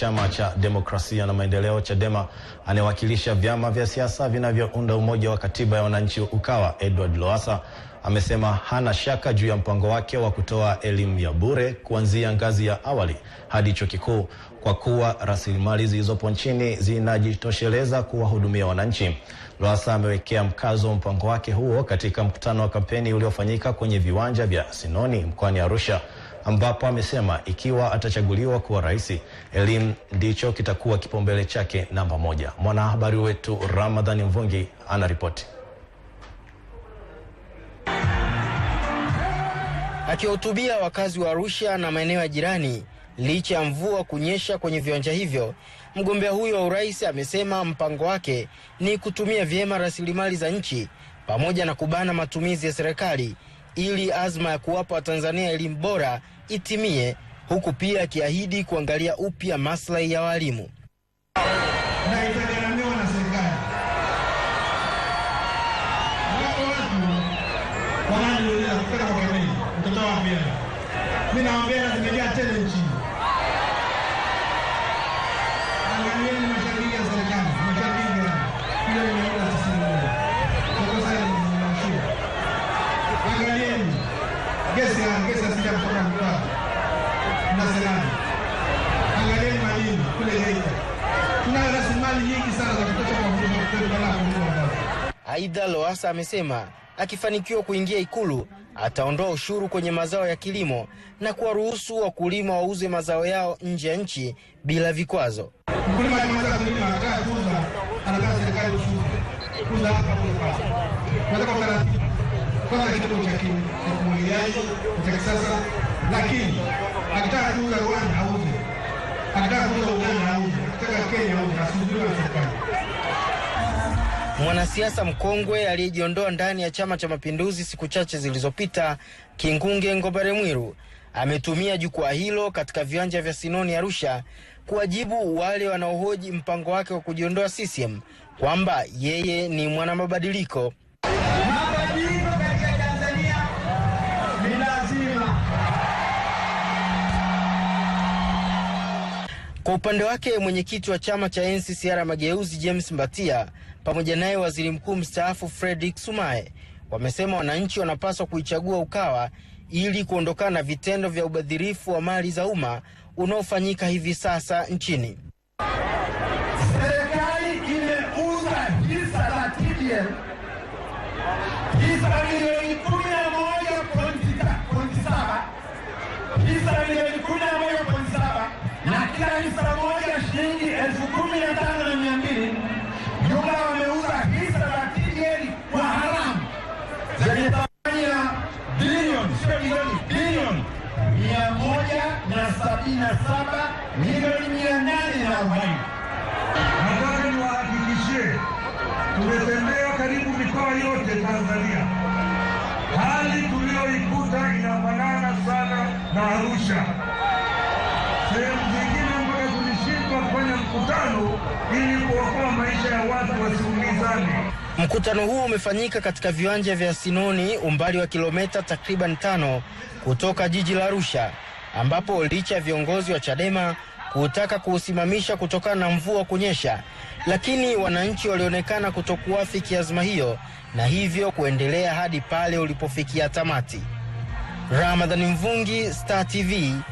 Chama cha Demokrasia na Maendeleo Chadema anayewakilisha vyama vya siasa vinavyounda Umoja wa Katiba ya Wananchi Ukawa, Edward Lowassa amesema hana shaka juu ya mpango wake wa kutoa elimu ya bure kuanzia ngazi ya awali hadi chuo kikuu kwa kuwa rasilimali zilizopo nchini zinajitosheleza kuwahudumia wananchi. Lowassa amewekea mkazo mpango wake huo katika mkutano wa kampeni uliofanyika kwenye viwanja vya Sinoni mkoani Arusha ambapo amesema ikiwa atachaguliwa kuwa rais, elimu ndicho kitakuwa kipaumbele chake namba moja. Mwanahabari wetu Ramadhani Mvungi anaripoti. Akiwahutubia wakazi wa Arusha na maeneo ya jirani licha ya mvua kunyesha kwenye viwanja hivyo, mgombea huyo wa urais amesema mpango wake ni kutumia vyema rasilimali za nchi pamoja na kubana matumizi ya serikali ili azma ya kuwapa Watanzania elimu bora itimie, huku pia akiahidi kuangalia upya maslahi ya walimu. Mimi nawaambia zimejaa tele tunayo rasilimali nyingi sana za kutosha kwa huduma Aidha, amesema akifanikiwa kuingia Ikulu ataondoa ushuru kwenye mazao ya kilimo na kuwaruhusu wakulima wauze mazao yao nje ya nchi bila vikwazo. Mkulima akimaliza kulima anataka kuuza, anataka serikali ushuru kuuza hapa kwanza, kituo cha cha kisasa, lakini akitaka kuuza Rwanda auze, akitaka kuuza Mwanasiasa mkongwe aliyejiondoa ndani ya Chama cha Mapinduzi siku chache zilizopita, Kingunge Ngobare Mwiru ametumia jukwaa hilo katika viwanja vya Sinoni Arusha kuwajibu wale wanaohoji mpango wake wa kujiondoa CCM kwamba yeye ni mwanamabadiliko. Kwa upande wake mwenyekiti wa chama cha NCCR Mageuzi James Mbatia pamoja naye waziri mkuu mstaafu Fredrick Sumaye wamesema wananchi wanapaswa kuichagua UKAWA ili kuondokana na vitendo vya ubadhirifu wa mali za umma unaofanyika hivi sasa nchini. tani moja shilingi elfu kumi na tano na mia mbili jumla wameuza hisa za TDL kwa haramu zenye thamani ya bilioni mia moja na sabini na saba milioni mia nane na arobaini. Nataka niwahakikishie tumetembea karibu mikoa yote Tanzania, hali tuliyoikuta inafanana sana na Arusha sehemu mkutano ili kuokoa maisha ya watu wasiumizane. Mkutano huo umefanyika katika viwanja vya Sinoni, umbali wa kilometa takriban tano kutoka jiji la Arusha, ambapo licha ya viongozi wa Chadema kutaka kuusimamisha kutokana na mvua kunyesha, lakini wananchi walionekana kutokuafiki azma hiyo na hivyo kuendelea hadi pale ulipofikia tamati. Ramadhani Mvungi, Star TV,